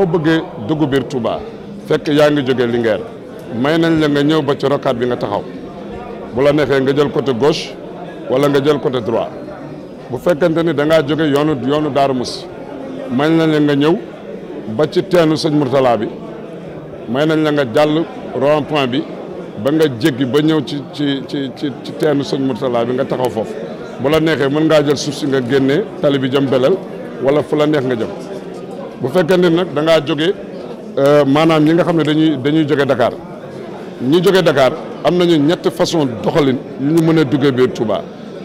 foo bëggee dugg biir fekk yaa ngi jógee Linguère may nañ leen nga ñëw ba ci rocade bi nga taxaw bu la neexee nga jël côté gauche wala nga jël côté droit bu fekkente ni da jóge yoonu yoonu Darou Moussi may nañ leen nga ñëw ba ci teenu sëñ Mourtala bi may nañ la nga jàll rond point bi ba nga jéggi ba ñëw ci ci ci ci ci teenu sëñ Mourtala bi nga taxaw foofu bu la neexee mën ngaa jël suuf si nga génnee tali bi jëm belal wala fu la nga jëm. bu fekkente ne nag dangaa ngaa jóge euh, maanaam ñi nga xam ne dañuy dañuy jóge dakaar ñi jóge dakaar am nañu ñetti façon doxalin yu ñu mën a duggee bi Touba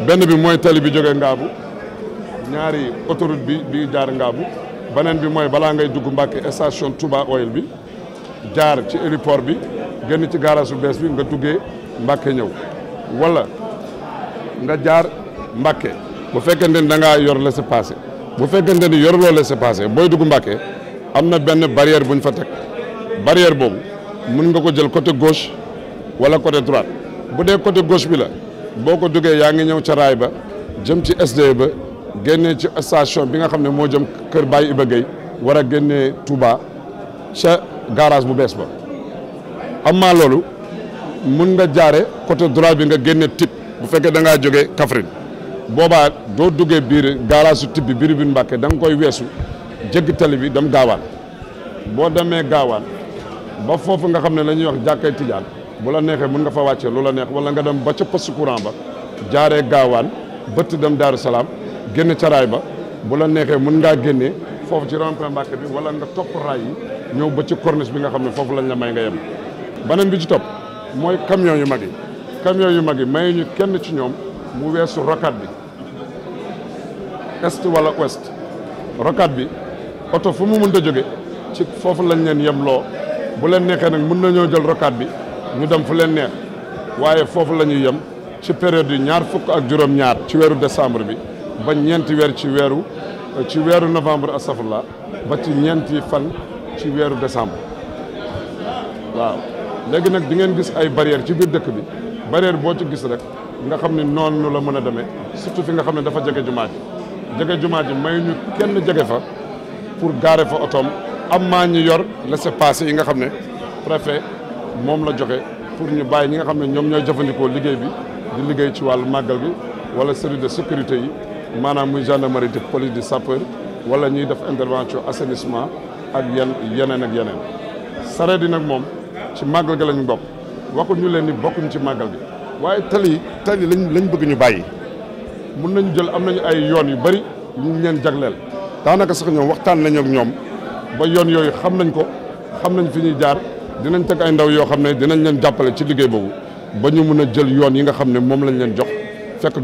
benn bi mooy tali bi jóge Ngaabu ñaari autorite bi bi jaar Ngaabu beneen bi mooy balaa ngay dugg Mbàkke station Touba Oil bi jaar ci héliport bi génn ci garage bu bees bi nga duggee Mbàkke ñëw wala nga jaar Mbàkke bu fekkente ne da ngaa yor laissez-passer bu fekkente ni yoruloo laissez-passer booy dugg Mbàkke am na benn barrière bu ñu fa teg barrière boobu mun nga ko jël côté gauche wala côté droite bu dee côté gauche bi la boo ko duggee yaa ngi ñëw ca raay ba jëm ci SDE ba génnee ci station bi nga xam ne moo jëm Kër Baye ba Gueye war a génnee Touba ca garage bu bees ba am maa loolu mun nga jaare côté droit bi nga génne tip bu fekkee da ngaa jógee Kaffrine boobaa doo duggee biir gaaraasu tibbi biir bi Mbàkke da nga koy weesu jéggi tali bi dem gaawaan boo demee gaawaan ba foofu nga xam ne la ñuy wax jàkkay tijaan bu la neexee mun nga fa wàccee lu la neex wala nga dem ba ca poste courant ba jaaree gaawaan bëtt dem Daaru Salaam génn ca raay ba bu la neexee mun ngaa génnee foofu ci rond-point Mbàkke bi wala nga topp raay yi ñëw ba ci corniche bi nga xam ne foofu lañ la may nga yem. beneen bi ci topp mooy camion yu mag yi camion yu mag yi mayuñu kenn ci ñoom. mu weesu rocade bi est walla ouest rocade bi oto fu mu mënta jóge ci foofu lañ leen yemloo bu leen neexee nag mën nañoo jël rocade bi ñu dem fu leen neex waaye foofu lañuy yem ci période yi ñaar fukk ak juróom-ñaar ci weeru décembre bi bañ ñeenti weer ci weeru ci weeru novembre astafurlah ba ci ñeenti fan ci weeru décembre waaw léegi nag di ngeen gis ay barrière ci biir dëkk bi barrière boo ci gis rek nga xam ne noonu la mën a demee surtout fi nga xam ne dafa jege jumaa ji jege jumaa ji may ñu jege fa pour gaare fa otoom am maa ñu yor laissez yi nga xam ne préfet moom la joxe pour ñu bàyyi ñi nga xam ne ñoom ñooy jëfandikoo liggéey bi di liggéey ci wàllu màggal gi wala service de sécurité yi maanaam muy gendarmerie di police di sapeur wala ñuy def intervention assainissement ak yan yeneen ak yeneen sareet yi nag moom ci màggal gi lañu bokk waxuñu leen ni bokkuñ ci màggal gi waaye tali tali lañ lañ bëgg ñu bàyyi mun nañ jël am nañu ay yoon yu bari ñu ngi jagleel daanaka sax ñoom waxtaan nañu ak ñoom ba yoon yooyu xam nañ ko xam nañ fi ñuy jaar dinañ teg ay ndaw yoo xam ne dinañ leen jàppale ci liggéey boobu ba ñu mun a jël yoon yi nga xam ne moom lañ leen jox fekk